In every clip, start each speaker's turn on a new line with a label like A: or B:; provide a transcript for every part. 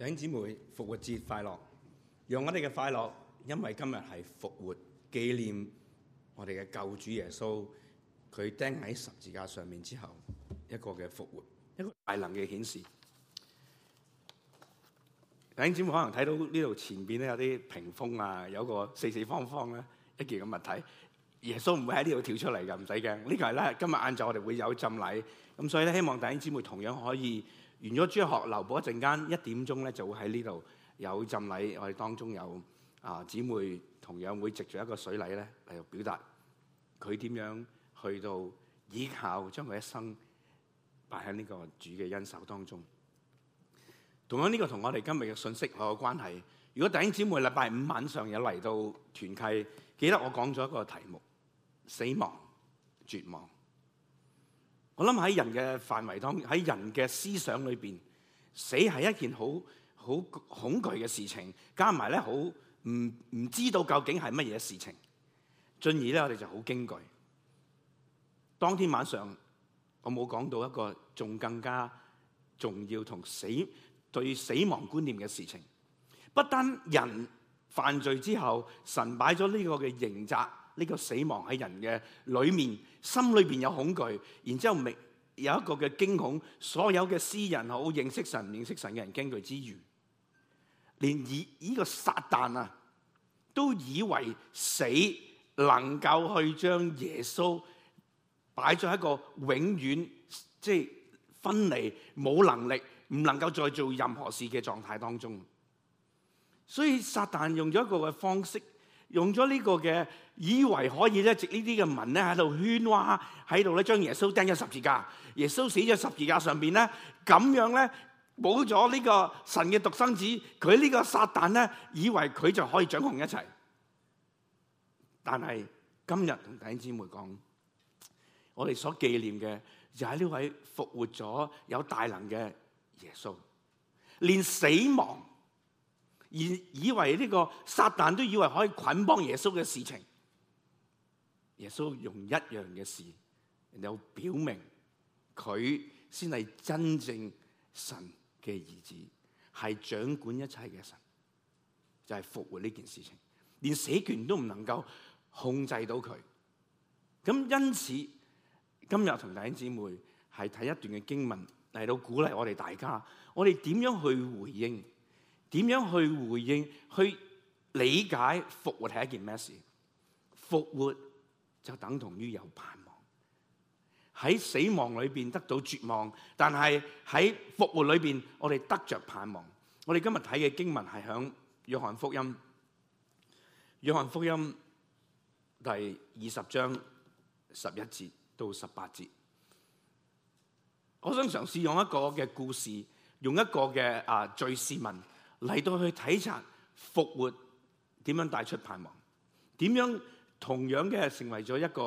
A: 弟兄姊妹，復活節快樂！讓我哋嘅快樂，因為今日係復活紀念我哋嘅救主耶穌，佢釘喺十字架上面之後，一個嘅復活，一個大能嘅顯示。弟兄姊妹可能睇到呢度前邊咧有啲屏風啊，有個四四方方咧、啊、一件咁物體，耶穌唔會喺呢度跳出嚟㗎，唔使驚。呢個係咧今日晏晝我哋會有浸禮，咁所以咧，希望弟兄姊妹同樣可以。完咗主日學留步一陣間，一點鐘咧就會喺呢度有浸禮，我哋當中有啊姊妹同樣會藉住一個水禮咧嚟到表達佢點樣去到依靠將佢一生擺喺呢個主嘅恩手當中。同樣呢個同我哋今日嘅信息好有關係。如果弟兄姊妹禮拜五晚上有嚟到團契，記得我講咗一個題目：死亡、絕望。我諗喺人嘅範圍當，喺人嘅思想裏邊，死係一件好好恐懼嘅事情，加埋咧好唔唔知道究竟係乜嘢事情，進而咧我哋就好驚懼。當天晚上我冇講到一個仲更加重要同死對死亡觀念嘅事情，不單人犯罪之後神擺咗呢個嘅刑責，呢個死亡喺人嘅裏面，心裏邊有恐懼，然之後明有一個嘅驚恐，所有嘅詩人好認識神、認識神嘅人驚懼之餘，連以呢個撒旦啊，都以為死能夠去將耶穌擺咗喺一個永遠即係分離、冇能力、唔能夠再做任何事嘅狀態當中。所以撒旦用咗一個嘅方式。用咗呢個嘅，以為可以咧，藉呢啲嘅文咧喺度圈挖，喺度咧將耶穌釘咗十字架。耶穌死咗十字架上邊咧，咁樣咧冇咗呢個神嘅獨生子，佢呢個撒旦咧以為佢就可以掌控一切。但係今日同弟兄姊妹講，我哋所紀念嘅就係、是、呢位復活咗有大能嘅耶穌，連死亡。而以為呢個撒旦都以為可以捆綁耶穌嘅事情，耶穌用一樣嘅事，又表明佢先係真正神嘅兒子，係掌管一切嘅神，就係復活呢件事情，連死權都唔能夠控制到佢。咁因此，今日同弟兄姊妹係睇一段嘅經文嚟到鼓勵我哋大家，我哋點樣去回應？點樣去回應，去理解復活係一件咩事？復活就等同於有盼望。喺死亡裏邊得到絕望，但係喺復活裏邊，我哋得着盼望。我哋今日睇嘅經文係響《約翰福音》，約翰福音第二十章十一節到十八節。我想嘗試用一個嘅故事，用一個嘅啊，敘事文。嚟到去體察復活點樣帶出盼望，點樣同樣嘅成為咗一個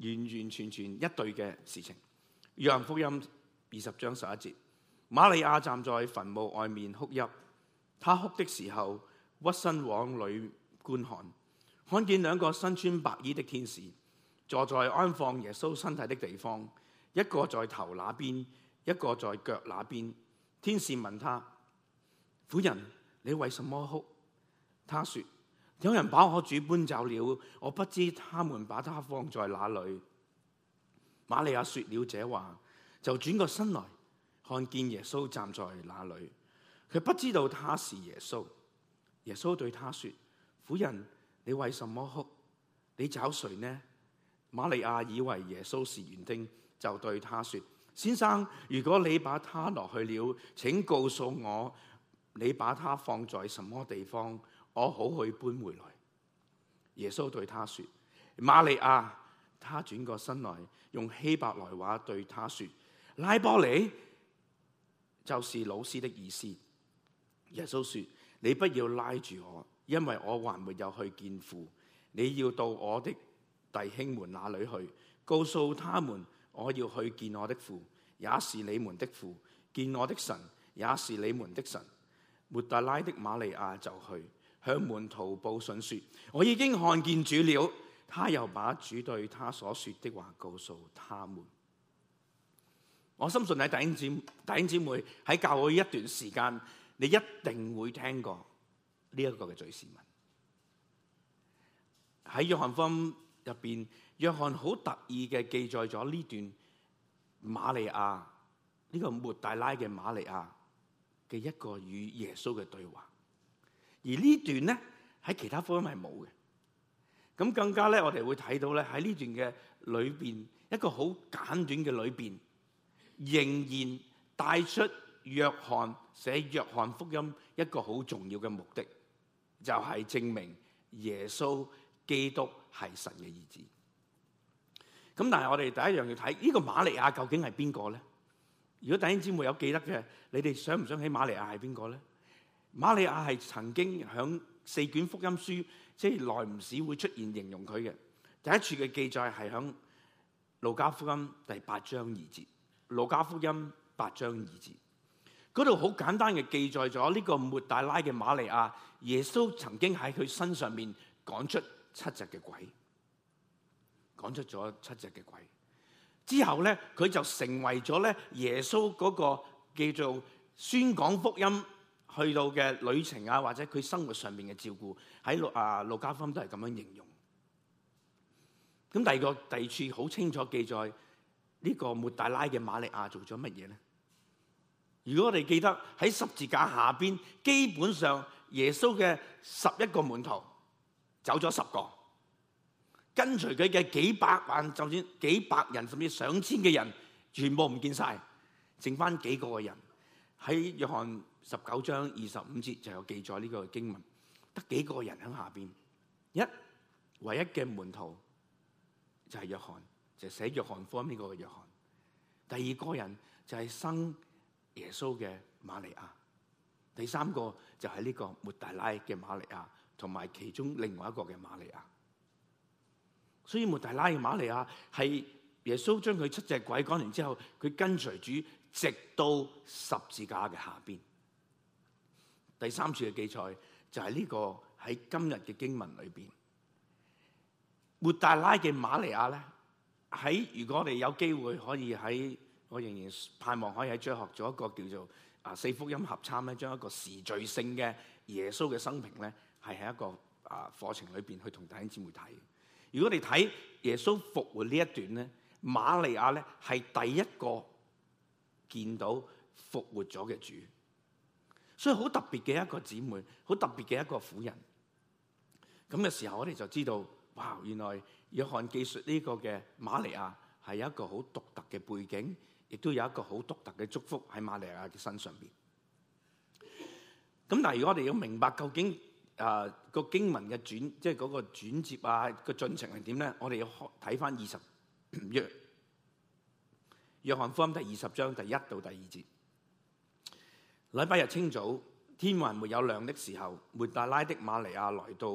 A: 完完全全一對嘅事情。約翰福音二十章十一節，瑪利亞站在墳墓外面哭泣，她哭的時候屈身往裏觀看，看見兩個身穿白衣的天使坐在安放耶穌身體的地方，一個在頭那邊，一個在腳那邊。天使問她：婦人，你為什麼哭？他說：有人把我主搬走了，我不知他們把他放在哪裏。瑪利亞說了這話，就轉個身來看見耶穌站在那裏。卻不知道他是耶穌。耶穌對他說：婦人，你為什麼哭？你找誰呢？瑪利亞以為耶穌是園丁，就對他說：先生，如果你把他落去了，請告訴我。你把它放在什麼地方，我好去搬回來。耶穌對他說：瑪利亞，他轉過身來，用希伯來話對他說：拉波尼，就是老師的意思。耶穌說：你不要拉住我，因為我還沒有去見父。你要到我的弟兄們那裏去，告訴他們我要去見我的父，也是你們的父；見我的神，也是你們的神。抹大拉的馬利亞就去向門徒報信說：我已經看見主了。他又把主對他所說的話告訴他們。我相信你弟兄姊妹、弟兄姊妹喺教會一段時間，你一定會聽過呢一個嘅敘事文。喺約翰福音入邊，約翰好特意嘅記載咗呢段馬利亞呢個抹大拉嘅馬利亞。這個嘅一個與耶穌嘅對話，而這段呢段咧喺其他福音係冇嘅，咁更加咧我哋會睇到咧喺呢在這段嘅裏邊一個好簡短嘅裏邊，仍然帶出約翰寫約翰福音一個好重要嘅目的，就係證明耶穌基督係神嘅兒子。咁但係我哋第一樣要睇呢個瑪利亞究竟係邊個咧？如果弟兄姊妹有記得嘅，你哋想唔想起瑪利亞係邊個咧？瑪利亞係曾經響四卷福音書，即係間唔時會出現形容佢嘅。第一處嘅記載係響路加福音第八章二節。路加福音八章二節嗰度好簡單嘅記載咗呢個抹大拉嘅瑪利亞，耶穌曾經喺佢身上面講出七隻嘅鬼，講出咗七隻嘅鬼。之後咧，佢就成為咗咧耶穌嗰、那個叫做宣講福音去到嘅旅程啊，或者佢生活上面嘅照顧，喺啊路加福音都係咁樣形容。咁第二個地處好清楚記載呢、這個抹大拉嘅瑪利亞做咗乜嘢咧？如果我哋記得喺十字架下邊，基本上耶穌嘅十一個門徒走咗十個。跟隨佢嘅幾百萬，就算幾百人，甚至上千嘅人，全部唔見晒。剩翻幾個人，喺約翰十九章二十五節就有記載呢個經文，得幾個人喺下邊？一唯一嘅門徒就係約翰，就係、寫約翰福音呢個約翰。第二個人就係生耶穌嘅瑪利亞，第三個就係呢個抹大拉嘅瑪利亞，同埋其中另外一個嘅瑪利亞。所以抹大拉嘅瑪利亞係耶穌將佢七隻鬼趕完之後，佢跟隨主直到十字架嘅下邊。第三次嘅記載就係呢個喺今日嘅經文裏邊，抹大拉嘅瑪利亞咧，喺如果我哋有機會可以喺我仍然盼望可以喺將學做一個叫做啊四福音合參咧，將一個時序性嘅耶穌嘅生平咧係喺一個啊課程裏邊去同弟兄姊妹睇。如果你睇耶穌復活呢一段咧，瑪利亞咧係第一個見到復活咗嘅主，所以好特別嘅一個姊妹，好特別嘅一個婦人。咁嘅時候，我哋就知道，哇！原來約翰記述呢個嘅瑪利亞係有一個好獨特嘅背景，亦都有一個好獨特嘅祝福喺瑪利亞嘅身上邊。咁，但係，如果我哋要明白究竟，啊、uh、個經文嘅轉即係嗰個轉接啊，個進程係點咧？我哋要睇返二十約約翰福音第二十章第一到第二節。禮拜日清早天還沒有亮的時候，抹大拉的馬利亞來到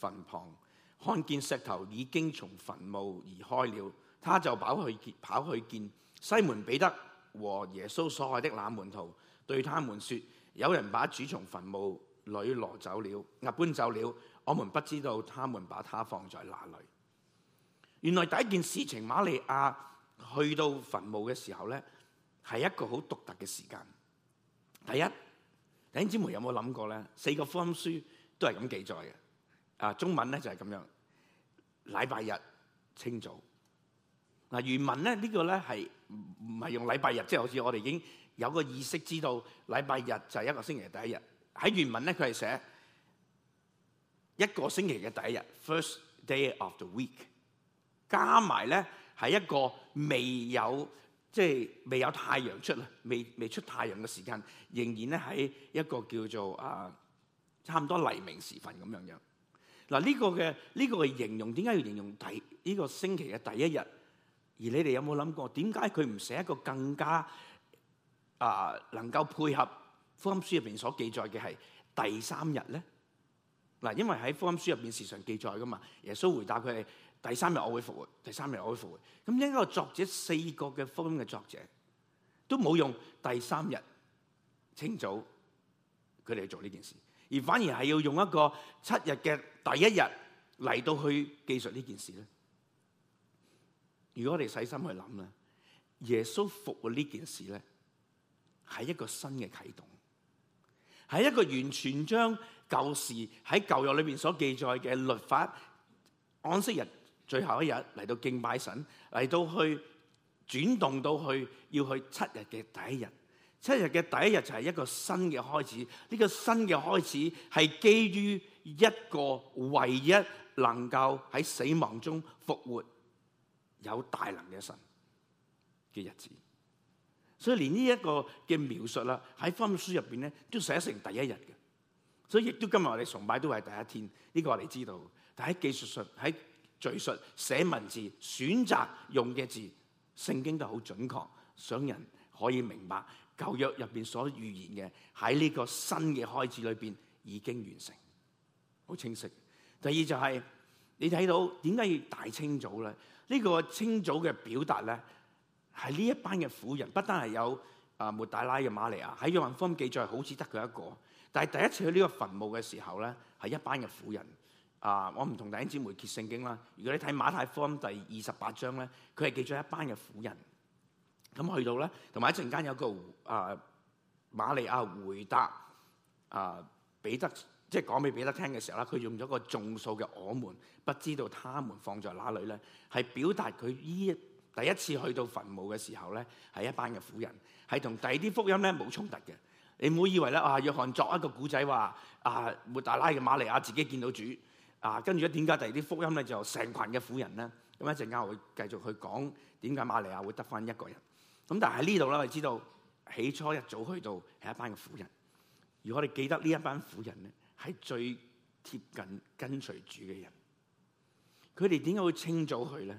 A: 墳旁，看見石頭已經從墳墓而開了，他就跑去見跑去見西門彼得和耶穌所愛的那門徒，對他們説：有人把主從墳墓女挪走了，阿搬走了，我們不知道他們把它放在哪裏。原來第一件事情，瑪利亞去到墳墓嘅時候咧，係一個好獨特嘅時間。第一，頂枝梅有冇諗過咧？四個福音書都係咁記載嘅。啊，中文咧就係咁樣，禮拜日清早。嗱，原文咧呢個咧係唔係用禮拜日？即係好似我哋已經有個意識，知道禮拜日就係一個星期第一日。喺原文咧，佢係寫一個星期嘅第一日，first day of the week，加埋咧係一個未有即係未有太陽出啦，未未出太陽嘅時間仍然咧喺一個叫做啊差唔多黎明時分咁樣樣。嗱呢個嘅呢個嘅形容點解要形容第呢個星期嘅第一日？而你哋有冇諗過點解佢唔寫一個更加啊能夠配合？福音書入邊所記載嘅係第三日咧，嗱，因為喺福音書入邊時常記載噶嘛，耶穌回答佢係第三日我會復活，第三日我會復活。咁呢個作者四個嘅福音嘅作者都冇用第三日清早佢哋去做呢件事，而反而係要用一個七日嘅第一日嚟到去記述呢件事咧。如果我哋細心去諗咧，耶穌復活呢件事咧係一個新嘅啟動。喺一個完全將舊時喺舊約裏面所記載嘅律法，安息日最後一日嚟到敬拜神，嚟到去轉動到去要去七日嘅第一日，七日嘅第一日就係一個新嘅開始。呢、呢個新嘅開始係基於一個唯一能夠喺死亡中復活有大能嘅神嘅日子。所以連呢一個嘅描述啦，喺福音書入邊咧，都寫成第一日嘅。所以亦都今日我哋崇拜都係第一天，呢個我哋知道。但喺技術上喺敘述寫文字選擇用嘅字，聖經都好準確，想人可以明白舊約入邊所預言嘅喺呢個新嘅開始裏邊已經完成，好清晰。第二就係你睇到點解要大清早咧？呢個清早嘅表達咧。係呢一班嘅婦人，不單係有啊抹大拉嘅瑪利亞，喺約翰福音記載好似得佢一個。但係第一次去呢個墳墓嘅時候咧，係一班嘅婦人。啊，我唔同弟兄姊妹揭聖經啦。如果你睇馬太福音第二十八章咧，佢係記咗一班嘅婦人。咁去到咧，同埋一陣間有個啊瑪利亞回答啊彼得，即係講俾彼得聽嘅時候咧，佢用咗個眾數嘅我們，不知道他們放在哪裏咧，係表達佢呢一。第一次去到墳墓嘅時候咧，係一班嘅婦人，係同第二啲福音咧冇衝突嘅。你唔好以為咧，啊約翰作一個古仔話啊抹大拉嘅瑪利亞自己見到主啊，跟住咧點解第二啲福音咧就成群嘅婦人咧？咁一陣間我會繼續去講點解瑪利亞會得返一個人。咁但係呢度咧，我哋知道起初一早去到係一班嘅婦人。如果我哋記得呢一班婦人咧，係最貼近跟隨主嘅人。佢哋點解會清早去咧？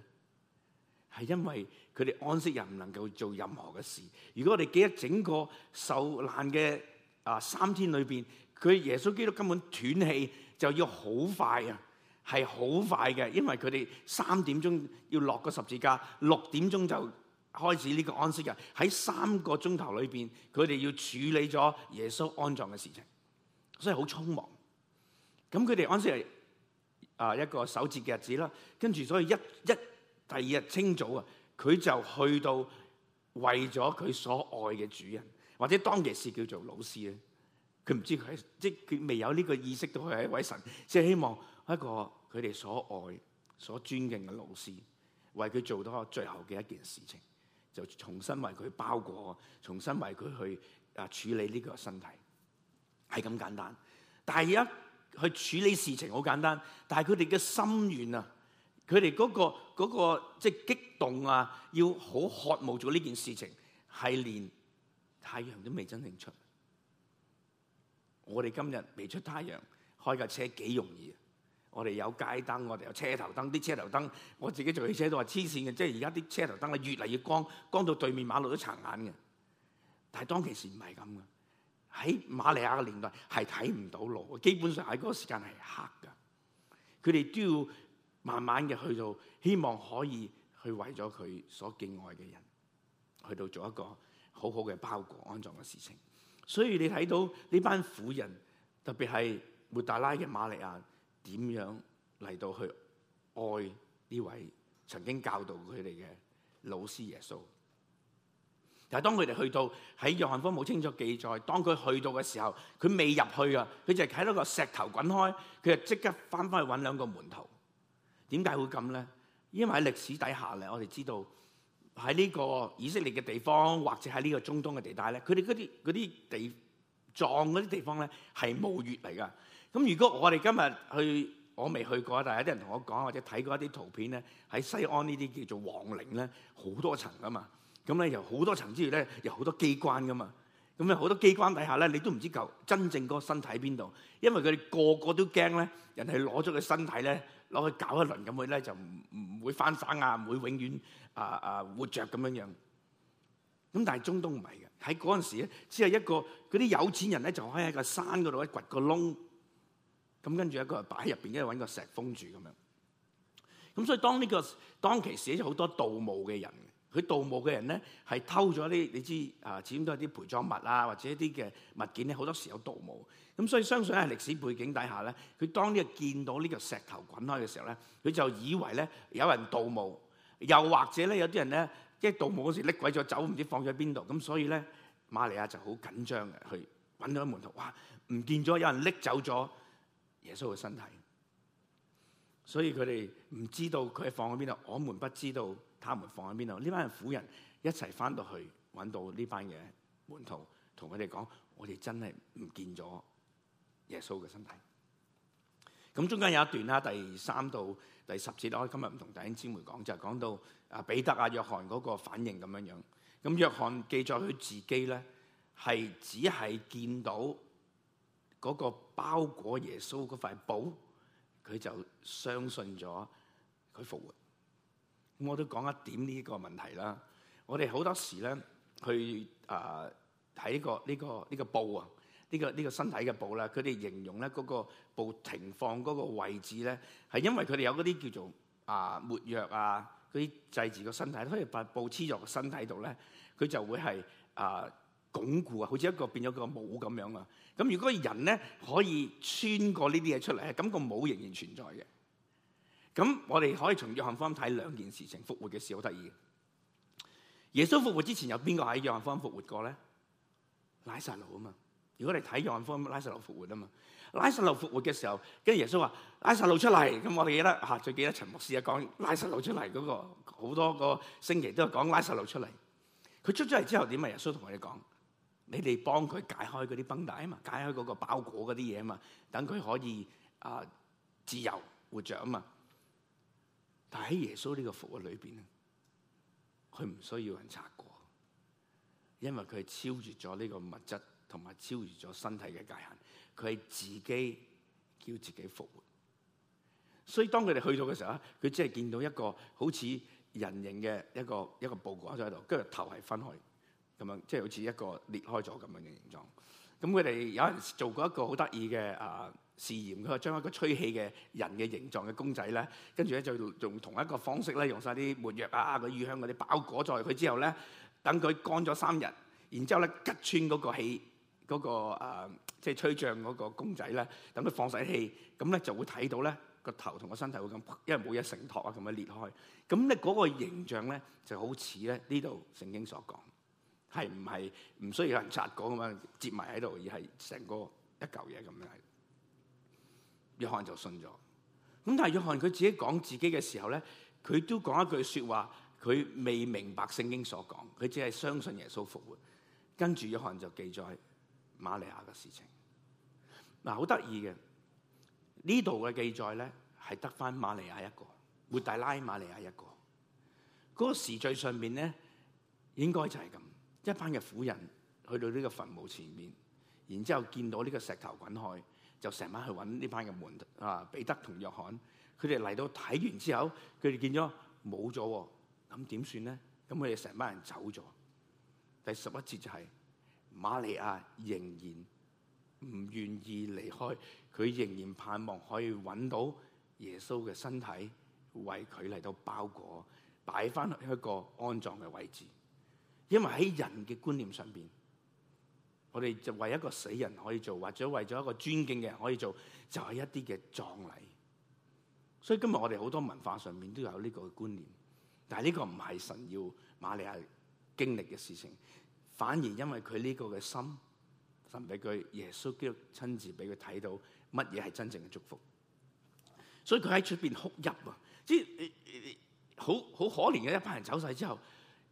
A: 係因為佢哋安息日唔能夠做任何嘅事。如果我哋記得整個受難嘅啊三天裏邊，佢耶穌基督根本斷氣就要好快啊，係好快嘅。因為佢哋三點鐘要落個十字架，六點鐘就開始呢個安息日。喺三個鐘頭裏邊，佢哋要處理咗耶穌安葬嘅事情，所以好匆忙。咁佢哋安息日啊一個守節嘅日子啦，跟住所以一一第二日清早啊，佢就去到為咗佢所愛嘅主人，或者當其時叫做老師咧，佢唔知佢即係佢未有呢個意識到佢係一位神，即係希望一個佢哋所愛、所尊敬嘅老師，為佢做多最後嘅一件事情，就重新為佢包裹，重新為佢去啊處理呢個身體，係咁簡，簡單。但係而家去處理事情好簡單，但係佢哋嘅心願啊！佢哋嗰個、嗰個、即係激動啊！要好渴望做呢件事情，係連太陽都未真正出。我哋今日未出太陽，開架車幾容易啊！我哋有街燈，我哋有車頭燈，啲車頭燈我自己做汽車都話黐線嘅，即係而家啲車頭燈係越嚟越光，光到對面馬路都殘眼嘅。但係當其時唔係咁嘅，喺瑪利亞嘅年代係睇唔到路，基本上喺嗰個時間係黑㗎。佢哋都要。慢慢嘅去到，希望可以去為咗佢所敬愛嘅人，去到做一個好好嘅包裹安葬嘅事情。所以你睇到呢班婦人，特別係抹大拉嘅瑪利亞，點樣嚟到去愛呢位曾經教導佢哋嘅老師耶穌。但係當佢哋去到，喺約翰福音冇清楚記載，當佢去到嘅時候，佢未入去啊，佢就睇到一個石頭滾開，佢就即刻翻翻去揾兩個門徒。點解會咁咧？因為喺歷史底下咧，我哋知道喺呢個以色列嘅地方，或者喺呢個中東嘅地帶咧，佢哋嗰啲啲地葬嗰啲地方咧，係墓穴嚟噶。咁如果我哋今日去，我未去過，但係有啲人同我講，或者睇過一啲圖片咧，喺西安呢啲叫做皇陵咧，好多層噶嘛。咁咧又好多層之餘咧，有好多機關噶嘛。咁咧好多機關底下咧，你都唔知究竟真正嗰個身體喺邊度，因為佢哋個個都驚咧，人係攞咗佢身體咧。攞去搞一輪咁，佢咧就唔唔會翻生啊，唔會永遠啊啊活着咁樣樣咁，但係中東唔係嘅，喺陣時咧，只係一個啲有錢人咧就可以喺個山度一掘個窿，咁跟住一個擺喺入邊，一住揾個石封住咁樣咁，所以當呢、這個當其時咗好多盜墓嘅人。佢盜墓嘅人咧，係偷咗啲你知啊，始終都係啲陪葬物啊，或者啲嘅物件咧，好多時有盜墓。咁所以相信喺歷史背景底下咧，佢當呢個見到呢個石頭滾開嘅時候咧，佢就以為咧有人盜墓，又或者咧有啲人咧，即係盜墓嗰時拎鬼咗走，唔知放咗喺邊度。咁所以咧，瑪利亞就好緊張嘅去揾咗門徒，哇！唔見咗有人拎走咗耶穌嘅身體，所以佢哋唔知道佢係放喺邊度，我們不知道。他們放喺邊度？呢班婦人一齊翻到去，揾到呢班嘢門徒，同佢哋講：我哋真係唔見咗耶穌嘅身體。咁中間有一段啦，第三到第十節，我今日唔同弟兄姊妹講，就係、是、講到啊彼得啊約翰嗰個反應咁樣樣。咁約翰記載佢自己咧，係只係見到嗰個包裹耶穌嗰塊布，佢就相信咗佢復活。咁我都講一點呢個問題啦。我哋好多時咧，去啊睇、呃這個呢、這個呢、這個布啊，呢、這個呢、這個身體嘅布啦。佢哋形容咧嗰個布停放嗰個位置咧，係因為佢哋有嗰啲叫做、呃、啊沒藥啊嗰啲劑治個身體，所以把布黐咗個身體度咧，佢就會係啊鞏固啊，好似一個變咗個帽咁樣啊。咁如果人咧可以穿過呢啲嘢出嚟咧，咁、那個帽仍然存在嘅。咁我哋可以從約翰福音睇兩件事情，復活嘅事好得意。耶穌復活之前有邊個喺約翰福音復活過咧？拉撒路啊嘛。如果你睇約翰福音，拉撒路復活啊嘛。拉撒路復活嘅時候，跟住耶穌話：拉撒路出嚟。咁我哋記得嚇，最、啊、記得陳牧師啊講拉撒路出嚟嗰、那個好多個星期都係講拉撒路出嚟。佢出咗嚟之後點啊？耶穌同我哋講：你哋幫佢解開嗰啲繃帶啊嘛，解開嗰個包裹嗰啲嘢啊嘛，等佢可以啊、呃、自由活著啊嘛。但喺耶穌呢個復活裏邊咧，佢唔需要人擦過，因為佢係超越咗呢個物質同埋超越咗身體嘅界限，佢係自己叫自己復活。所以當佢哋去咗嘅時候啊，佢只係見到一個好似人形嘅一個一個布裹咗喺度，跟住頭係分開咁樣，即係好似一個裂開咗咁樣嘅形狀。咁佢哋有人做過一個好得意嘅啊～、呃試驗佢話將一個吹氣嘅人嘅形狀嘅公仔咧，跟住咧就用同一個方式咧，用晒啲沒藥啊、個乳香嗰、啊、啲包裹在佢之後咧，等佢乾咗三日，然之後咧拮穿嗰個氣嗰、那個即係、呃就是、吹脹嗰個公仔咧，等佢放晒氣，咁咧就會睇到咧個頭同個身體會咁，因為冇嘢承托啊，咁樣裂開。咁咧嗰個形象咧就好似咧呢度聖經所講，係唔係唔需要有人拆過啊嘛？接埋喺度而係成個一嚿嘢咁樣。約翰就信咗，咁但係約翰佢自己講自己嘅時候咧，佢都講一句說話，佢未明白聖經所講，佢只係相信耶穌復活。跟住約翰就記載瑪利亞嘅事情，嗱好得意嘅，呢度嘅記載咧係得翻瑪利亞一個，抹大拉瑪利亞一個，嗰、嗰個時序上面咧應該就係咁，一班嘅婦人去到呢個墳墓前面，然之後見到呢個石頭滾開。就成晚去揾呢班嘅門啊，彼得同約翰，佢哋嚟到睇完之後，佢哋見咗冇咗，咁點算咧？咁佢哋成班人走咗。第十一節就係瑪利亞仍然唔願意離開，佢仍然盼望可以揾到耶穌嘅身體，為佢嚟到包裹，擺翻去一個安葬嘅位置。因為喺人嘅觀念上邊。我哋就為一個死人可以做，或者為咗一個尊敬嘅人可以做，就係一啲嘅葬禮。所以今日我哋好多文化上面都有呢個觀念，但係呢個唔係神要瑪利亞經歷嘅事情，反而因為佢呢個嘅心，神俾佢耶穌基督親自俾佢睇到乜嘢係真正嘅祝福。所以佢喺出邊哭泣啊！即係好好可憐嘅一班人走晒之後，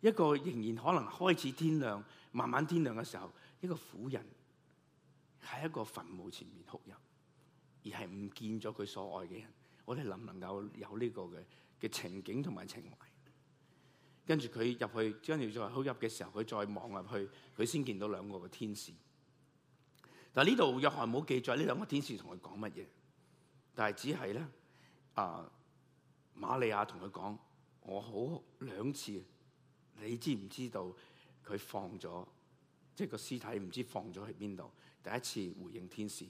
A: 一個仍然可能開始天亮，慢慢天亮嘅時候。呢個婦人喺一個墳墓前面哭泣，而係唔見咗佢所愛嘅人。我哋能唔能夠有呢個嘅嘅情景同埋情懷，跟住佢入去，跟住再哭泣嘅時候，佢再望入去，佢先見到兩個嘅天使。但係呢度約翰冇記載呢兩個天使同佢講乜嘢，但係只係咧，啊，馬利亞同佢講：我好兩次，你知唔知道佢放咗？.即係個屍體唔知放咗喺邊度，第一次回應天使，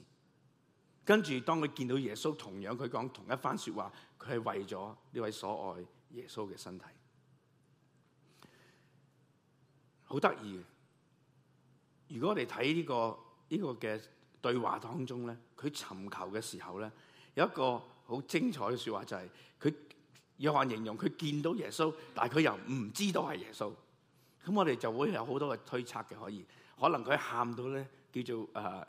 A: 跟住當佢見到耶穌，同樣佢講同一番說話，佢係為咗呢位所愛耶穌嘅身體，好得意嘅。如果我哋睇呢個呢、呢個嘅對話當中咧，佢尋求嘅時候咧，有一個好精彩嘅說話就係佢約翰形容佢見到耶穌，但係佢又唔知道係耶穌。咁我哋就會有好多嘅推測嘅，可以可能佢喊到咧，叫做誒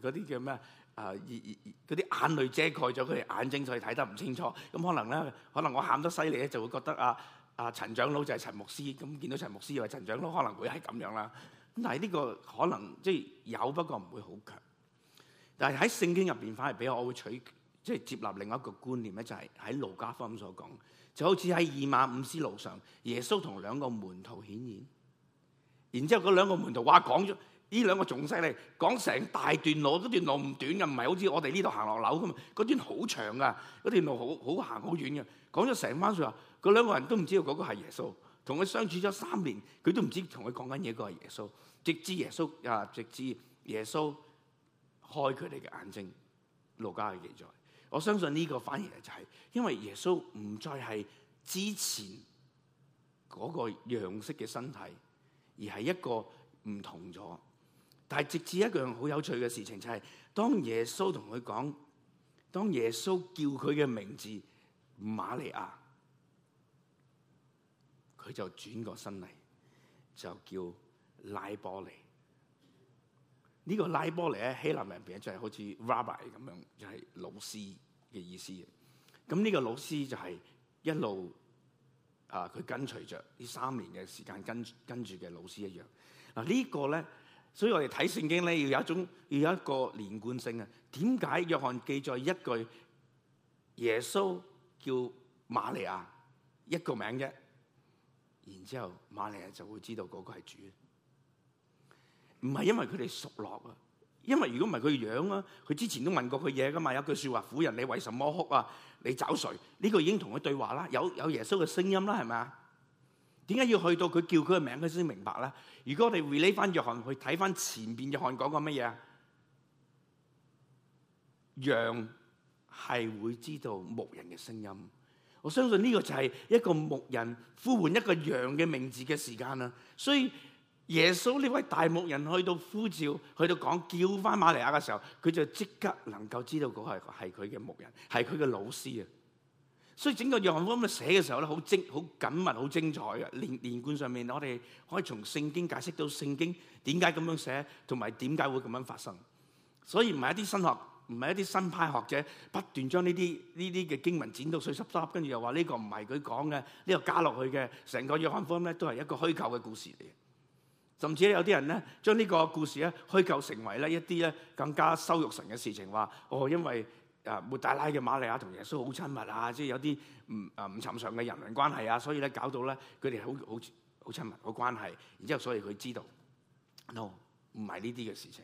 A: 嗰啲叫咩啊？誒嗰啲眼淚遮蓋咗佢嘅眼睛，所以睇得唔清楚。咁可能咧，可能我喊得犀利咧，就會覺得啊啊陳長老就係陳牧師。咁見到陳牧師以為陳長老可能會係咁樣啦。咁但係呢個可能即係、就是、有，不過唔會好強。但係喺聖經入邊反而畀我會取即係、就是、接納另一個觀念咧，就係喺路加福音所講。就好似喺以馬忤斯路上，耶穌同兩個門徒顯現，然之後嗰兩個門徒話講咗，呢兩個仲犀利，講成大段路，嗰段路唔短嘅，唔係好似我哋呢度行落樓咁啊，嗰段好長噶，嗰段路好好行好遠嘅，講咗成番嘢話，嗰兩個人都唔知道嗰個係耶穌，同佢相處咗三年，佢都唔知同佢講緊嘢個係耶穌，直至耶穌啊，直至耶穌開佢哋嘅眼睛，路加嘅記載。我相信呢個反而就係因為耶穌唔再係之前個樣式嘅身體，而係一個唔同咗。但係直至一樣好有趣嘅事情就係當耶穌同佢講，當耶穌叫佢嘅名字瑪利亞，佢就轉過身嚟，就叫拉波尼。呢個拉波尼咧，希臘人入邊，就係好似 rabbi 咁樣，就係老師。嘅意思嘅，咁呢個老師就係一路啊，佢跟隨着呢三年嘅時間跟跟住嘅老師一樣。嗱、這個、呢個咧，所以我哋睇聖經咧，要有一種要有一個連貫性啊。點解約翰記載一句耶穌叫瑪利亞一個名啫？然之後瑪利亞就會知道嗰個係主，唔係因為佢哋熟絡。啊。因為如果唔係佢樣啊，佢之前都問過佢嘢噶嘛，有句說話：婦人，你為什麼哭啊？你找誰？呢個已經同佢對話啦，有有耶穌嘅聲音啦，係咪啊？點解要去到佢叫佢嘅名，佢先明白咧？如果我哋回嚟翻約翰去睇翻前邊約翰講過乜嘢啊？羊係會知道牧人嘅聲音，我相信呢個就係一個牧人呼喚一個羊嘅名字嘅時間啊。所以。耶穌呢位大牧人去到呼召，去到講叫返瑪利亞嘅時候，佢就即刻能夠知道嗰個係佢嘅牧人，係佢嘅老師啊！所以整個約翰福音咁寫嘅時候咧，好精、好緊密、好精彩嘅連連貫上面，我哋可以從聖經解釋到聖經點解咁樣寫，同埋點解會咁樣發生。所以唔係一啲新學，唔係一啲新派學者不斷將呢啲呢啲嘅經文剪到碎濕濕，跟住又話呢個唔係佢講嘅，呢個加落去嘅，成個約翰福音呢都係一個虛構嘅故事嚟。甚至有啲人咧，將呢個故事咧虛構成為咧一啲咧更加羞辱神嘅事情，話，哦，因為啊抹大拉嘅瑪利亞同耶穌好親密啊，即係有啲唔啊唔尋常嘅人倫關係啊，所以咧搞到咧佢哋好好好親密個關係，然之後所以佢知道，no 唔係呢啲嘅事情。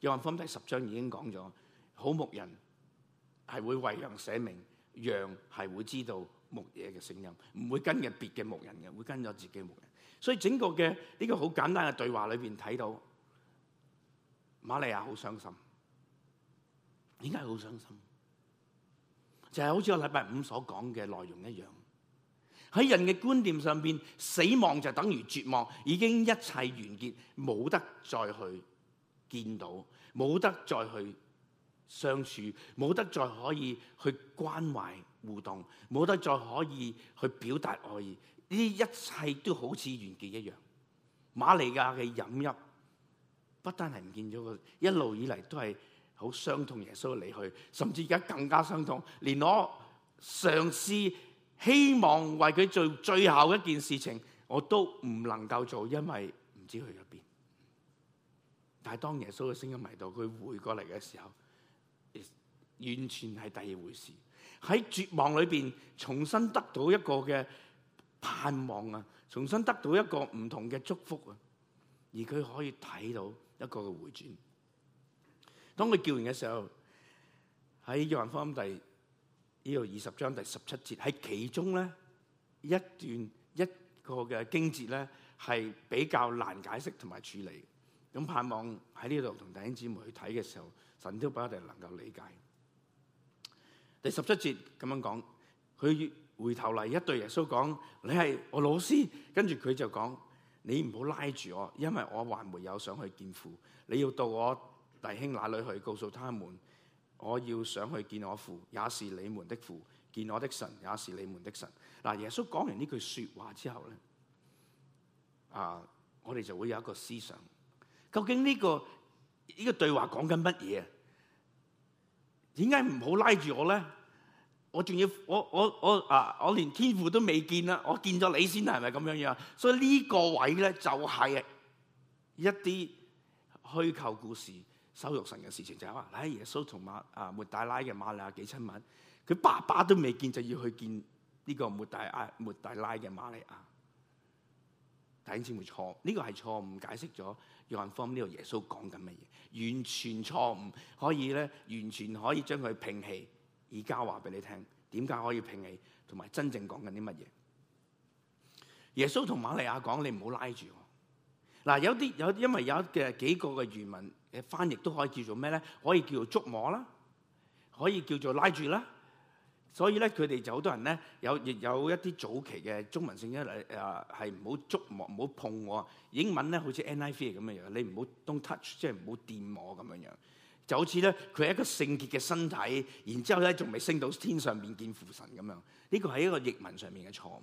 A: 約翰福音第十章已經講咗，好牧人係會為羊捨命，羊係會知道牧人嘅聲音，唔會跟住別嘅牧人嘅，會跟咗自己的牧人。所以整個嘅呢個好簡單嘅對話裏面，睇到瑪麗亞好傷心，點解好傷心？就係好似我禮拜五所講嘅內容一樣，喺人嘅觀念上面，死亡就等於絕望，已經一切完結，冇得再去見到，冇得再去相處，冇得再可以去關懷互動，冇得再可以去表達愛意。呢一切都好似完結一樣，馬利亞嘅飲泣不單係唔見咗個，一路以嚟都係好傷痛耶穌離去，甚至而家更加傷痛。連我嘗試希望為佢做最後一件事情，情我都唔能夠做，因為唔知去咗邊。但係當耶穌嘅聲音迷到，佢回過嚟嘅時候，完全係第二回事。喺絕望裏邊，重新得到一個嘅。盼望啊，重新得到一個唔同嘅祝福啊，而佢可以睇到一個嘅回轉。當佢叫完嘅時候，喺約翰福音第呢個二十章第十七節，喺其中咧一段，一，段一個嘅經節咧，係比較難解釋同埋處理。咁盼望喺呢度同弟兄姊妹去睇嘅時候，神都不俾我能，能夠理解。第十七節咁樣講。佢。回頭嚟一對耶穌講：你係我老師。跟住佢就講：你唔好拉住我，因為我還沒有想去見父。你要到我弟兄那裏去，告訴他們，我要想去見我父，也是你們的父；見我的神，也是你們的神。嗱，耶穌講完呢句說話之後咧，啊，我哋就會有一個思想：究竟呢個呢個對話講緊乜嘢？點解唔好拉住我咧？我仲要我我我啊！我連天父都未見啦，我見咗你先係咪咁樣樣？所以呢個位咧就係一啲虛構故事、羞辱神嘅事情，就係話，唉，耶穌同馬啊抹大拉嘅馬利亞幾親吻，佢爸爸都未見就要去見呢個抹大阿抹大拉嘅馬利亞。睇先會錯，呢、這個係錯誤解釋咗約翰福音呢個耶穌講緊乜嘢，完全錯誤，可以咧，完全可以將佢摒棄。而家話俾你聽，點解可以評你，同埋真正講緊啲乜嘢？耶穌同瑪利亞講：你唔好拉住我。嗱，有啲有，因為有嘅幾個嘅語文嘅翻譯都可以叫做咩咧？可以叫做捉摸啦，可以叫做拉住啦。所以咧，佢哋就好多人咧，有亦有一啲早期嘅中文聖經嚟，誒係唔好捉摸，唔好碰我。英文咧，好似 NIV 咁嘅樣，你唔好 Don't touch，即係唔好掂我咁樣樣。就好似咧，佢係一個聖潔嘅身體，然之後咧仲未升到天上面見父神咁樣，呢個係一個譯文上面嘅錯誤。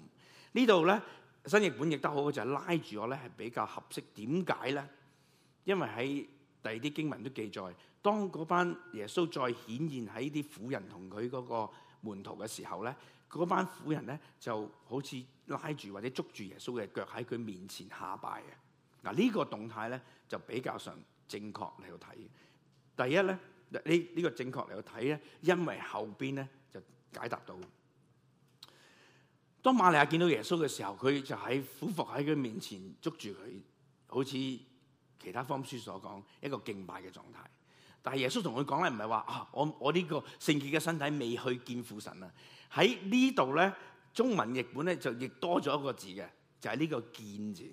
A: 呢度咧新譯本譯得好嘅就係、是、拉住我咧係比較合適。點解咧？因為喺第二啲經文都記載，當嗰班耶穌再顯現喺啲婦人同佢嗰個門徒嘅時候咧，嗰班婦人咧就好似拉住或者捉住耶穌嘅腳喺佢面前下拜嘅。嗱、這、呢個動態咧就比較上正確你到睇。第一咧，呢、這、呢個正確嚟睇咧，因為後邊咧就解答到。當瑪利亞見到耶穌嘅時候，佢就喺俯伏喺佢面前捉住佢，好似其他方書所講一個敬拜嘅狀態。但係耶穌同佢講咧，唔係話啊，我我呢個聖潔嘅身體未去見父神啊。喺呢度咧，中文譯本咧就亦多咗一個字嘅，就係、是、呢個見字。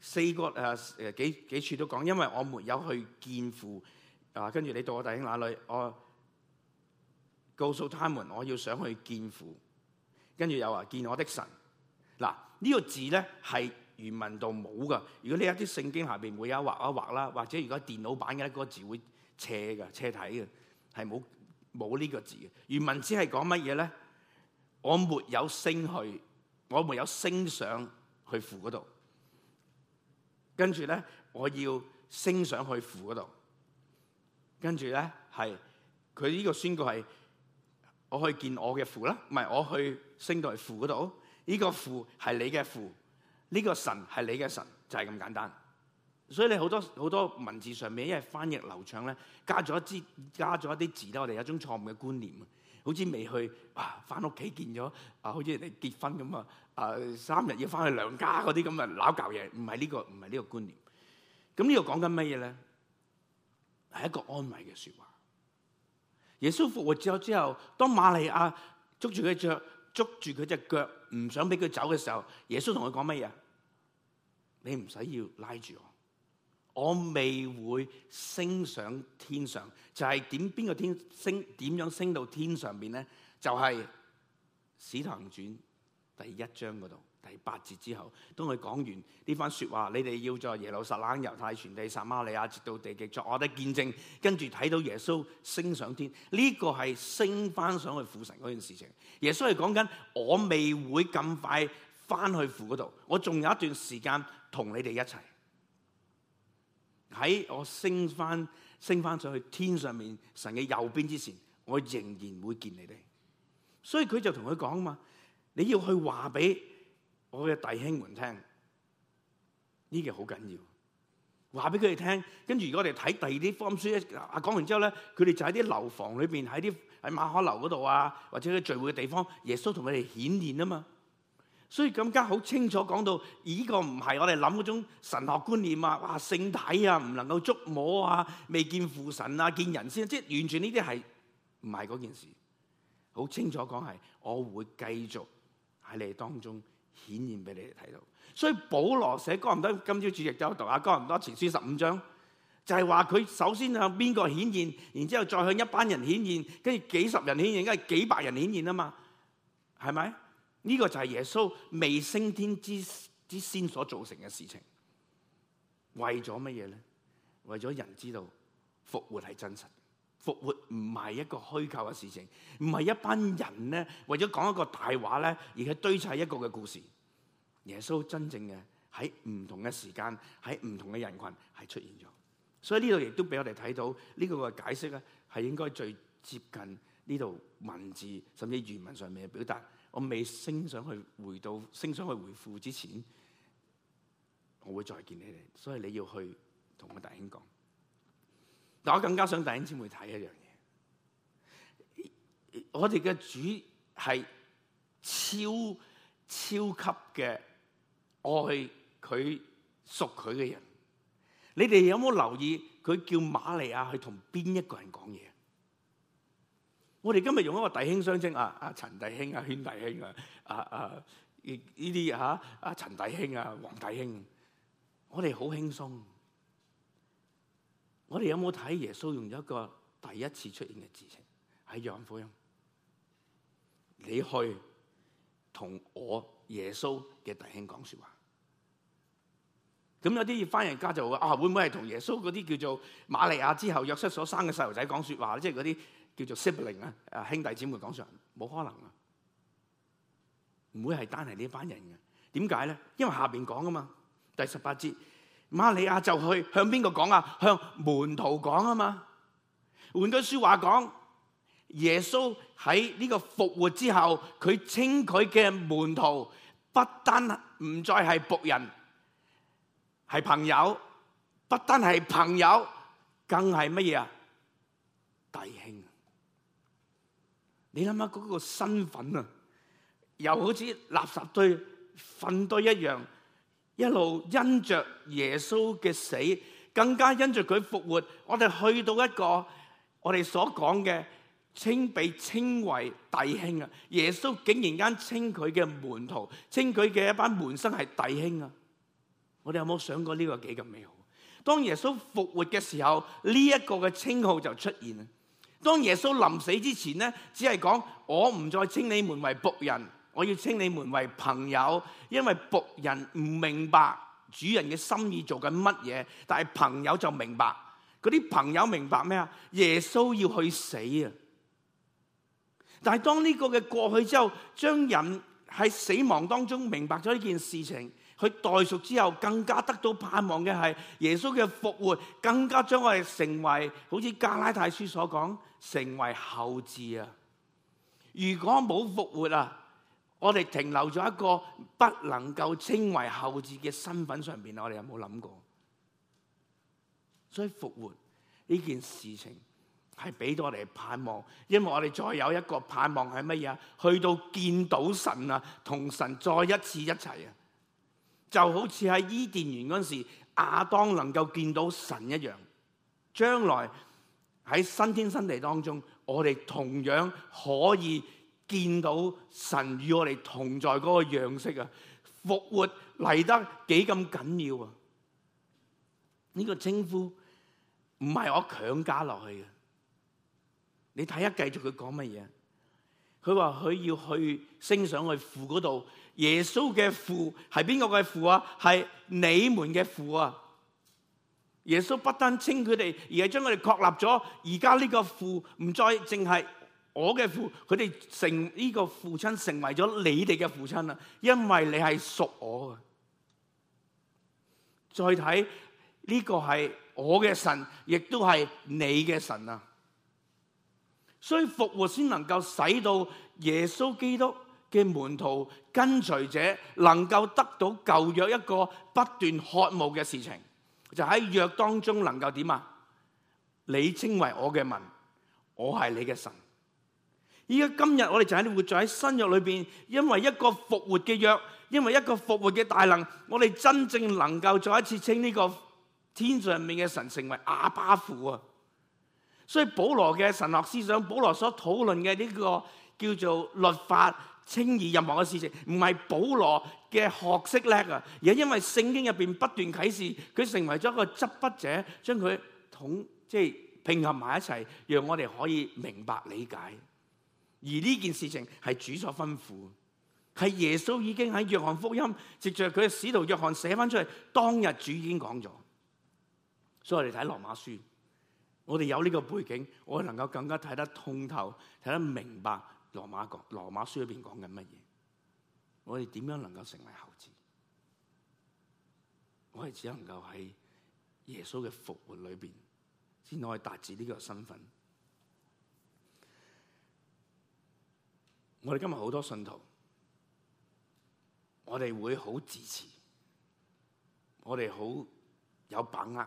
A: 四個誒誒幾幾處都講，因為我沒有去見父，啊，跟住你到我弟兄那裏，我告訴他們我要想去見父，跟住又話見我的神。嗱、啊、呢、這個字咧係原文度冇噶。如果你一啲聖經下邊會有畫一畫一畫啦，或者如果電腦版嘅一個字會斜噶，斜體嘅，係冇冇呢個字嘅。原文只係講乜嘢咧？我沒有升去，我沒有升上去父度。跟住咧，我要升上去父嗰度。跟住咧係佢呢是他這個宣告係，我去以見我嘅父啦，唔係我去升到去父嗰度。呢、這個父係你嘅父，呢、這個神係你嘅神，就係、是、咁簡單。所以你好多好多文字上面，因為翻譯流暢咧，加咗一支加咗一啲字咧，我哋有一種錯誤嘅觀念啊，好似未去哇翻屋企見咗啊，好似人哋結婚咁啊。啊！三日要翻去娘家嗰啲咁嘅攋舊嘢，唔係呢個，唔係呢個觀念。咁呢個講緊乜嘢咧？係一個安慰嘅説話。耶穌復活之後，之後當瑪利亞捉住佢腳，捉住佢隻腳，唔想俾佢走嘅時候，耶穌同佢講乜嘢？你唔使要拉住我，我未會升上天上。就係點邊個天升？點樣升到天上邊咧？就係、是《使徒行第一章嗰度第八節之後，當佢講完呢番說話，你哋要在耶路撒冷、猶太、全地、撒瑪利亞，直到地極作我哋見證。跟住睇到耶穌升上天，呢個係升翻上去父神嗰件事情。耶穌係講緊，我未會咁快翻去父嗰度，我仲有一段時間同你哋一齊。喺我升翻升翻上去天上面神嘅右邊之前，我仍然會見你哋。所以佢就同佢講嘛。你要去話俾我嘅弟兄們聽，呢個好緊要，話俾佢哋聽。跟住如果我哋睇第二啲福音書咧，啊講完之後咧，佢哋就喺啲樓房裏邊，喺啲喺馬可樓嗰度啊，或者嘅聚會嘅地方，耶穌同佢哋顯現啊嘛。所以更加好清楚講到，呢個唔係我哋諗嗰種神學觀念啊，哇聖體啊，唔能夠捉摸啊，未見父神啊，見人先，即係完全呢啲係唔係嗰件事。好清楚講係，我會繼續喺你哋當中顯現俾你哋睇到，所以保羅寫哥林多，今朝主席都有讀啊，哥林多前書十五章就係話佢首先向邊個顯現，然之後再向一班人顯現，跟住幾十人顯現，跟住幾百人顯現啊嘛，係咪？呢個就係耶穌未升天之之先所造成嘅事情，為咗乜嘢咧？為咗人知道復活係真實。復活唔係一個虛構嘅事情，唔係一班人咧，為咗講一個大話咧而係堆砌一個嘅故事。耶穌真正嘅，喺唔同嘅時間，喺唔同嘅人群係出現咗，所以呢度亦都俾我哋睇到呢個嘅解釋咧，係應該最接近呢度文字甚至語文上面嘅表達。我未升上去，回到升上去回復之前，我會再見你哋，所以你要去同我大兄講。我更加想弟兄姊妹睇一樣嘢，我哋嘅主係超超級嘅愛佢、屬佢嘅人。你哋有冇留意佢叫瑪利亞去同邊一個人講嘢？我哋今日用一個弟兄相稱啊，阿、啊、陳弟兄啊，圈弟兄啊，啊啊依啲嚇，阿陳弟兄啊，黃弟兄，我哋好輕鬆。我哋有冇睇耶穌用咗一個第一次出現嘅字詞，係養父音。你去同我耶穌嘅弟兄講説話。咁有啲翻人家就話：啊，會唔會係同耶穌嗰啲叫做瑪利亞之後約瑟所生嘅細路仔講説話咧？即係嗰啲叫做 Sibling、啊、兄弟姊妹講説話，冇可能啊！唔會係單係呢班人嘅。點解呢？因為下邊講㗎嘛，第十八節。瑪利亞就去向邊個講啊？向門徒講啊嘛。換句説話講，耶穌喺呢個復活之後，佢稱佢嘅門徒不單唔再係僕人，係朋友，不單係朋友，更係乜嘢啊？弟兄。你諗下嗰個身份啊，又好似垃圾堆、糞堆一樣。一路因着耶穌嘅死，更加因着佢復活，我哋去到一個我哋所講嘅稱被稱為弟兄啊！耶穌竟然間稱佢嘅門徒，稱佢嘅一班門生係弟兄啊！我哋有冇想過呢個幾咁美好？當耶穌復活嘅時候，呢一個嘅稱號就出現啦。當耶穌臨死之前咧，只係講，我唔再稱你們為僕人。我要稱你們為朋友，因為僕人唔明白主人嘅心意做緊乜嘢，但係朋友就明白。嗰啲朋友明白咩啊？耶穌要去死啊！但係當呢個嘅過去之後，將人喺死亡當中明白咗呢件事情，佢代贖之後，更加得到盼望嘅係耶穌嘅復活，更加將我哋成為好似加拉太書所講，成為後嗣啊！如果冇復活啊！我哋停留咗一個不能夠稱為後置嘅身份上邊，我哋有冇諗過？所以復活呢件事情係俾到我哋盼望，因為我哋再有一個盼望係乜嘢啊？去到見到神啊，同神再一次一齊啊，就好似喺伊甸園嗰陣時亞當能夠見到神一樣，將來喺新天新地當中，我哋同樣可以。見到神與我哋同在嗰個樣式啊，復活嚟，得幾咁緊要啊！呢個稱呼唔係我強加落去嘅，你睇下繼續佢講乜嘢？佢話佢要去升上去父嗰度，耶穌嘅父係邊個嘅父啊？係你們嘅父啊！耶穌不單稱佢哋，而係將佢哋確立咗。而家呢個父唔再淨係。我嘅父，佢哋成呢、這個父親成為咗你哋嘅父親啊，因為你係屬我嘅。再睇呢、這個係我嘅神，亦都係你嘅神啊。所以復活先能夠使到耶穌基督嘅門徒跟隨者能夠得到舊約一個不斷渴慕嘅事情，就喺、是、約當中能夠點啊？你稱為我嘅民，我係你嘅神。依家今日我哋就喺度活在喺新約裏邊，因為一個復活嘅約，因為一個復活嘅大能，我哋真正能夠再一次稱呢個天上面嘅神成為阿爸父啊！所以保羅嘅神學思想，保羅所討論嘅呢個叫做律法、稱義、任何嘅事情，唔係保羅嘅學識叻啊，而係因為聖經入邊不斷啟示，佢成為咗一個執筆者，將佢統即係拼合埋一齊，讓我哋可以明白理解。而呢件事情係主所吩咐的，係耶穌已經喺約翰福音，藉着佢嘅使徒約翰寫翻出嚟。當日主已經講咗，所以我哋睇羅馬書，我哋有呢個背景，我哋能夠更加睇得通透、睇得明白羅馬講、羅馬書裏邊講緊乜嘢。我哋點樣能夠成為猴子？我哋只能夠喺耶穌嘅復活裏邊，先可以達至呢個身份。我哋今日好多信徒，我哋會好支持，我哋好有把握，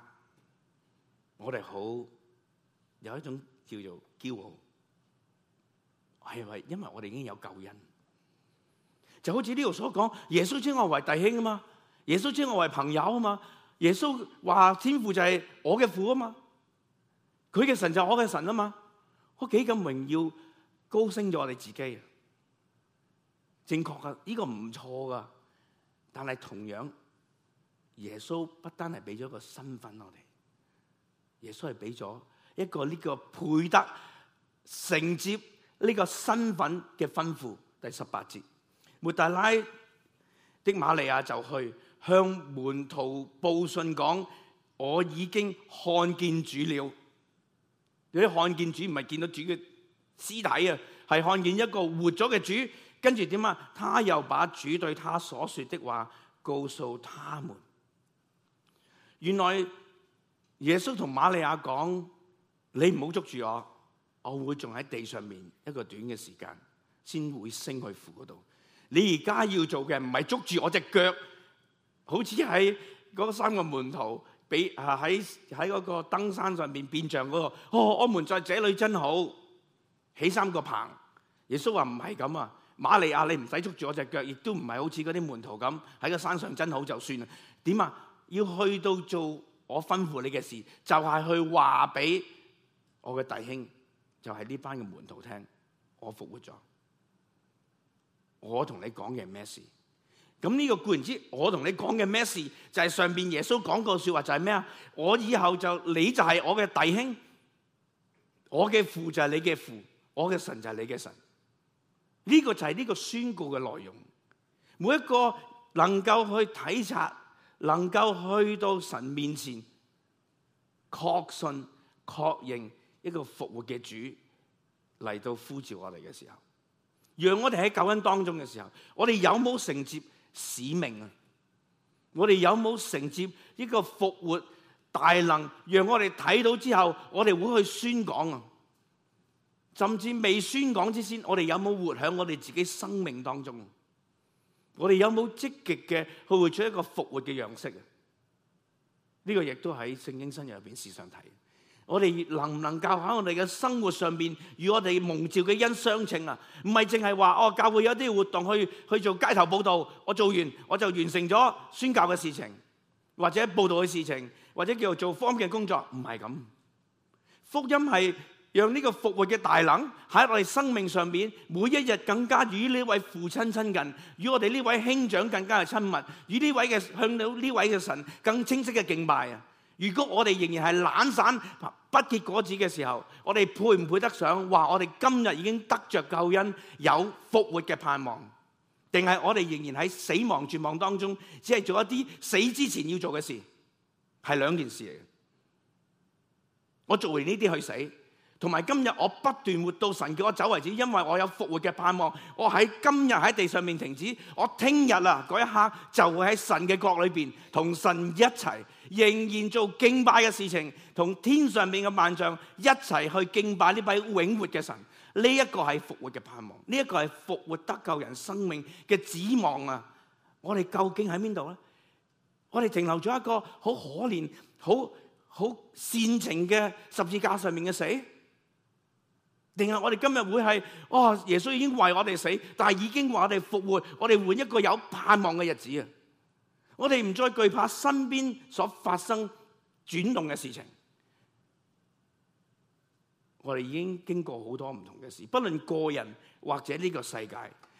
A: 我哋好有一種叫做驕傲，係因為我哋已經有救恩，就好似呢度所講，耶穌稱我為弟兄啊嘛，耶穌稱我為朋友啊嘛，耶穌話天父就係我嘅父啊嘛，佢嘅神就係我嘅神啊嘛，我幾咁榮耀高升咗我哋自己啊！.正確噶，呢個唔錯噶。但係同樣，耶穌不單係俾咗個身份我哋，耶穌係俾咗一個呢個配得承接呢個身份嘅吩咐。第十八節，抹大拉的馬利亞就去向門徒報信講，講我已經看見主了。有啲看見主唔係見到主嘅屍體啊，係看見一個活咗嘅主。跟住點啊？他又把主對他所說的話告訴他們。原來耶穌同瑪利亞講，你唔好捉住我，我會仲喺地上面一個短嘅時間，先會升去父嗰度。你而家要做嘅唔係捉住我隻腳，好似喺嗰三個門徒俾啊，喺喺嗰個登山上面變像嗰個。哦，我們在這裡真好，起三個棚。耶穌話唔係咁啊。瑪利亞，你唔使捉住我隻腳，亦都唔係好似嗰啲門徒咁喺個山上真好就算啦。點啊？要去到做我吩咐你嘅事，就係、是、去話俾我嘅弟兄，就係、是、呢班嘅門徒聽，我復活咗。我同你講嘅係咩事？咁呢個固然之，我同你講嘅咩事，就係、是、上邊耶穌講過說話就係咩啊？我以後就你就係我嘅弟兄，我嘅父就係你嘅父，我嘅神就係你嘅神。呢、這個就係呢個宣告嘅內容。每一個能夠去體察、能夠去到神面前，確信、確認一個復活嘅主嚟到呼召我哋嘅時候，讓我哋喺救恩當中嘅時候，我哋有冇承接使命啊？我哋有冇承接一個復活大能？讓我哋睇到之後，我哋會去宣講啊！甚至未宣講之先，我哋有冇活喺我哋自己生命當中？我哋有冇積極嘅去活出一個復活嘅樣式啊？呢、這個亦都喺聖經新約入邊時常睇。我哋能唔能夠喺我哋嘅生活上邊與我哋蒙召嘅恩相稱啊？唔係淨係話哦，教會有啲活動去去做街頭報道，我做完我就完成咗宣教嘅事情，或者報道嘅事情，或者叫做方嘅工作，唔係咁。福音係。讓呢個復活嘅大能喺我哋生命上面，每一日更加與呢位父親親近，與我哋呢位兄長更加嘅親密，與呢位嘅向到呢位嘅，向呢位嘅神更清晰嘅敬拜！如果我哋仍然係懶散不結果子嘅時候，我哋配唔配得上話我哋今日已經得着救恩，有復活嘅盼望？定係我哋仍然喺死亡絕望當中，只係做一啲死之前要做嘅事，係兩件事嚟嘅。我做完呢啲去死。同埋今日我不斷活到神叫我走為止，因為我有復活嘅盼望。我喺今日喺地上面停止，我聽日啊嗰一刻就會喺神嘅國裏邊同神一齊，仍然做敬拜嘅事情，同天上面嘅萬象一齊去敬拜呢位永活嘅神。呢、這、一個係復活嘅盼望，呢、這、一個係復活得救人生命嘅指望啊！我哋究竟喺邊度呢？我哋停留咗一個好可憐、好好煽情嘅十字架上面嘅死。定係我哋今日會係哇，耶穌已經為我哋死，但係已經為我哋復活，我哋換一個有盼望嘅日子啊！我哋唔再懼怕身邊所發生轉動嘅事情。我哋已經經過好多唔同嘅事，不論個人或者呢個世界，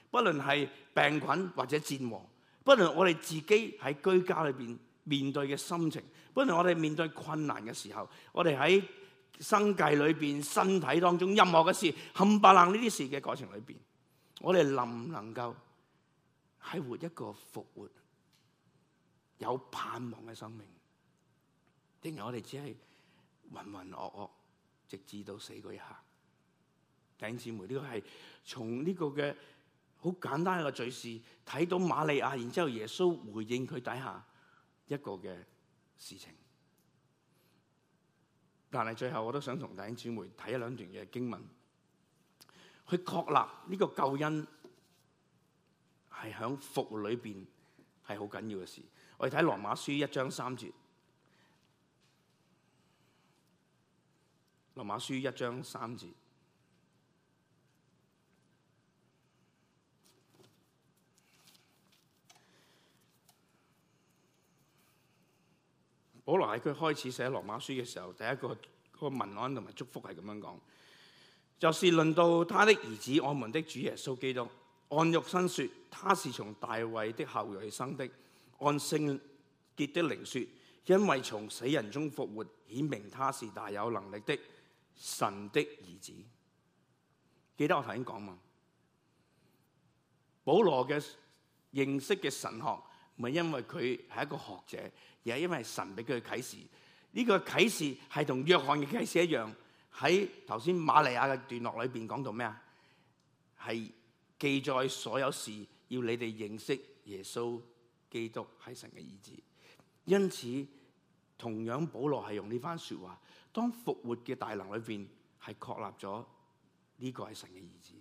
A: 不論係病菌或者戰禍，不論我哋自己喺居家裏邊面面對嘅心情，不論我哋面對困難嘅時候，我哋喺生計裏邊、身體當中任何嘅事，冚唪唥呢啲事嘅過程裏邊，我哋能唔能夠喺活一個復活、有盼望嘅生命？定係我哋只係渾渾噩噩，直至到死嗰一刻。弟兄姊妹，呢個係從呢個嘅好簡單一個敘事，睇到瑪利亞，然之後耶穌回應佢底下一個嘅事情。但係最後我都想同弟兄姊妹睇一兩段嘅經文，去確立呢個救恩係響福裏面係好緊要嘅事。我哋睇羅馬書一章三節，羅馬書一章三節。保羅喺佢開始寫羅馬書嘅時候，第一個個文案同埋祝福係咁樣講，就是輪到他的兒子，我們的主耶穌基督。按肉身說，他是從大衛的後裔生的；按聖潔的靈說，因為從死人中復活，顯明他是大有能力的神的兒子。記得我頭先講嘛，保羅嘅認識嘅神學。唔係因為佢係一個學者，而係因為神俾佢嘅啟示。呢個啟示係同約翰嘅啟示一樣，喺頭先瑪利亞嘅段落裏邊講到咩啊？係記載所有事，要你哋認識耶穌基督係神嘅兒子。因此，同樣保羅係用呢番說話，當復活嘅大能裏邊係確立咗呢個係神嘅兒子。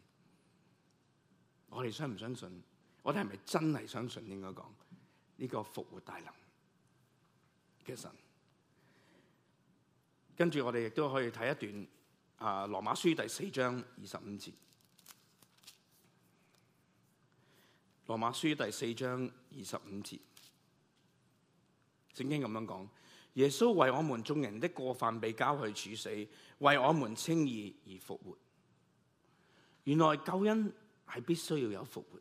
A: 我哋相唔相信？我哋係咪真係相信應該講？呢、這個復活大能嘅神，跟住我哋亦都可以睇一段啊《羅馬書》第四章二十五節，《羅馬書》第四章二十五節，聖經咁樣講：耶穌為我們眾人的過犯被交去處死，為我們稱義而復活。原來救恩係必須要有復活。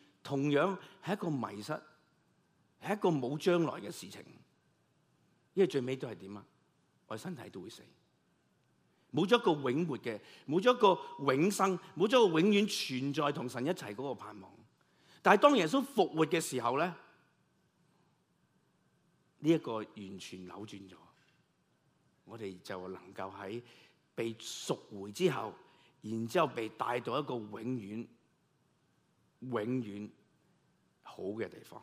A: 同樣係一個迷失，係一個冇將來嘅事情，因為最尾都係點啊？我身體都會死，冇咗一個永活嘅，冇咗一個永生，冇咗一個永遠存在同神一齊嗰個盼望。但係當耶穌復活嘅時候咧，呢一個完全扭轉咗，我哋就能夠喺被贖回之後，然之後被帶到一個永遠。永遠好嘅地方，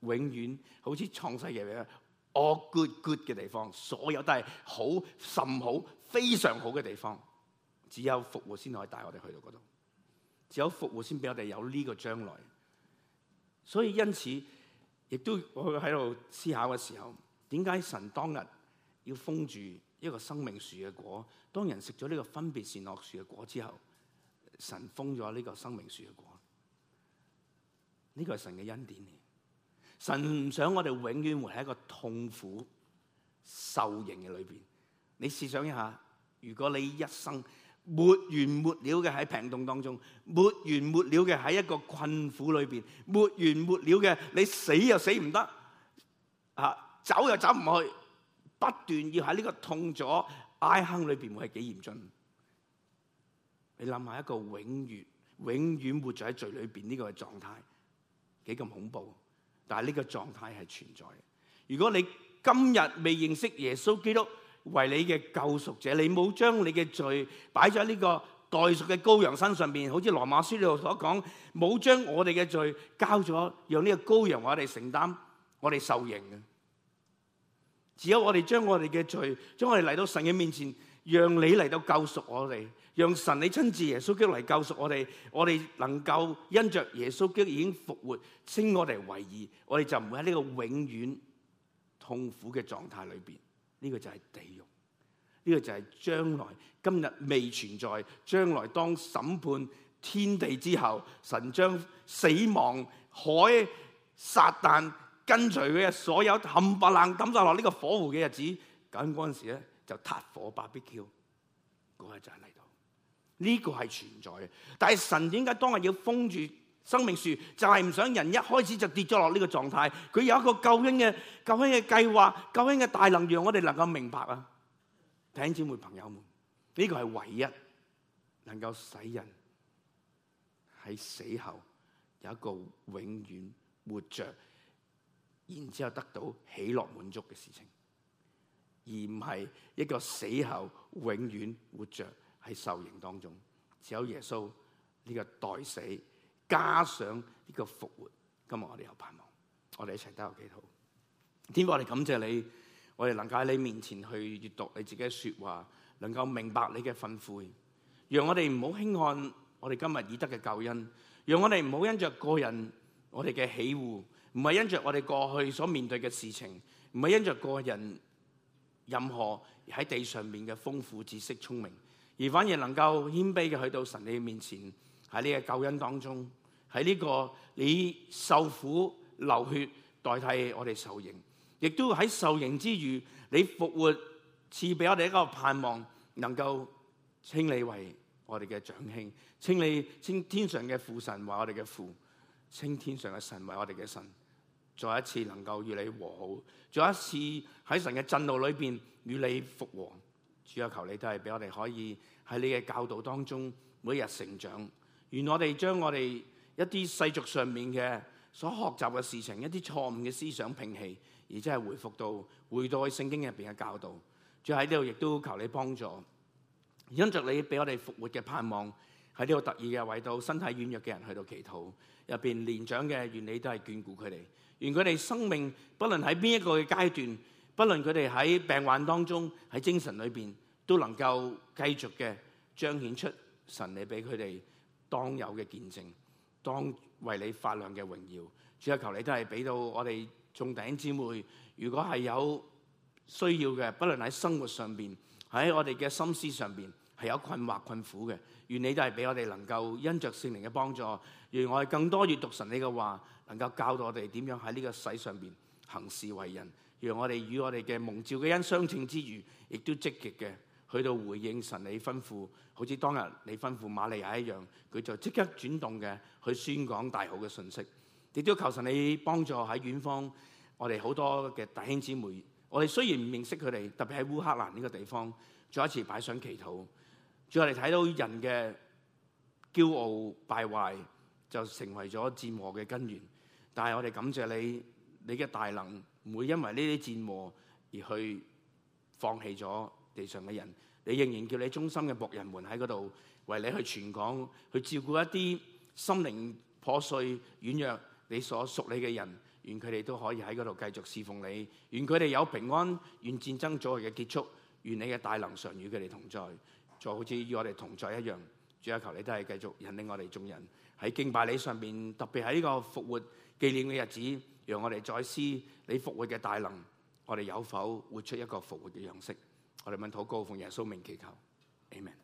A: 永遠好似創世嘅嘢 all good good 嘅地方，所有都係好甚好，非常好嘅地方。只有復活先可以帶我哋去到度，只有復活先俾我哋有呢個將來。所以因此，亦都我喺度思考嘅時候，點解神當日要封住一個生命樹嘅果？當人食咗呢個分別善惡樹嘅果之後，神封咗呢個生命樹嘅果。呢、這個係神嘅恩典嚟。神唔想我哋永遠活喺一個痛苦受刑嘅裏邊。你試想一下，如果你一生沒完沒了嘅喺病痛當中，沒完沒了嘅喺一個困苦裏邊，沒完沒了嘅你死又死唔得，啊走又走唔去，不斷要喺呢個痛楚挨坑裏邊，會係幾嚴峻？你諗下一個永遠、永遠活在喺罪裏邊呢個狀態。幾咁恐怖，但係呢個狀態係存在。如果你今日未認識耶穌基督為你嘅救贖者，你冇將你嘅罪擺咗喺呢個代贖嘅羔羊身上邊，好似羅馬書呢度所講，冇將我哋嘅罪交咗，讓呢個羔羊為我哋承擔我哋受刑嘅。只有我哋將我哋嘅罪，將我哋嚟到神嘅面前，讓你嚟到救贖我哋。讓神你親自耶穌基督嚟救贖我哋，我哋能夠因着耶穌基督已經復活，稱我哋為義，我哋就唔會喺呢個永遠痛苦嘅狀態裏邊。呢個就係地獄，呢個就係將來今日未存在將來當審判天地之後，神將死亡、海、撒旦跟隨佢嘅所有冚唪唥抌晒落呢個火湖嘅日子，咁嗰陣時咧，就塌火芭比 Q。嗰個就係。呢、這個係存在嘅，但係神點解當日要封住生命樹，就係、是、唔想人一開始就跌咗落呢個狀態。佢有一個救恩嘅救恩嘅計劃，救恩嘅大能，讓我哋能夠明白啊！弟兄姊妹、朋友們，呢、這個係唯一能夠使人喺死後有一個永遠活着，然之後得到喜樂滿足嘅事情，而唔係一個死後永遠活着。喺受刑當中，只有耶穌呢個代死，加上呢個復活，今日我哋有盼望。我哋一齊打開祈禱。天父，我哋感謝你，我哋能夠喺你面前去閲讀你自己嘅説話，能夠明白你嘅憤悔。讓我哋唔好輕看我哋今日已得嘅救恩。讓我哋唔好因着個人我哋嘅喜惡，唔係因着我哋過去所面對嘅事情，唔係因着個人任何喺地上面嘅豐富知識、聰明。而反而能夠謙卑嘅去到神你面前，喺呢個救恩當中，喺呢個你受苦流血代替我哋受刑，亦都喺受刑之餘，你復活，賜俾我哋一個盼望，能夠稱你為我哋嘅長兄，稱你稱天上嘅父神為我哋嘅父，稱天上嘅神為我哋嘅神，再一次能夠與你和好，再一次喺神嘅震怒裏邊與你復和。主啊，求你都係俾我哋可以。喺你嘅教導當中，每日成長，願我哋將我哋一啲世俗上面嘅所學習嘅事情，一啲錯誤嘅思想摒棄，而即係回復到回到聖經入邊嘅教導，再喺呢度，亦都求你幫助，因着你俾我哋復活嘅盼望。喺呢度特意嘅為到身體軟弱嘅人去到祈禱入邊年長嘅，願你都係眷顧佢哋，願佢哋生命，不論喺邊一個嘅階段，不論佢哋喺病患當中，喺精神裏邊。都能夠繼續嘅彰顯出神你俾佢哋當有嘅見證，當為你發亮嘅榮耀。主啊，求你都係俾到我哋眾弟兄姊妹，如果係有需要嘅，不論喺生活上邊，喺我哋嘅心思上邊係有困惑、困苦嘅，願你都係俾我哋能夠因着聖靈嘅幫助，願我哋更多閱讀神你嘅話，能夠教導我哋點樣喺呢個世上邊行事為人，讓我哋與我哋嘅蒙召嘅恩相稱之餘，亦都積極嘅。佢度回應神你吩咐，好似當日你吩咐馬利亞一樣，佢就即刻轉動嘅去宣講大好嘅信息。亦都求神你幫助喺遠方，我哋好多嘅弟兄姊妹，我哋雖然唔認識佢哋，特別喺烏克蘭呢個地方，再一次擺上祈禱。再我哋睇到人嘅驕傲敗壞，就成為咗戰禍嘅根源。但係我哋感謝你，你嘅大能唔會因為呢啲戰禍而去放棄咗。地上嘅人，你仍然叫你忠心嘅僕人們喺嗰度為你去傳講，去照顧一啲心靈破碎、軟弱你所屬你嘅人，願佢哋都可以喺嗰度繼續侍奉你。願佢哋有平安，願戰爭早日嘅結束，願你嘅大能常與佢哋同在，就好似與我哋同在一樣。主啊，求你都係繼續引領我哋眾人喺敬拜禮上面，特別喺呢個復活紀念嘅日子，讓我哋再思你復活嘅大能，我哋有否活出一個復活嘅樣式？我哋,哋禱告，奉耶穌名祈求 ,Amen.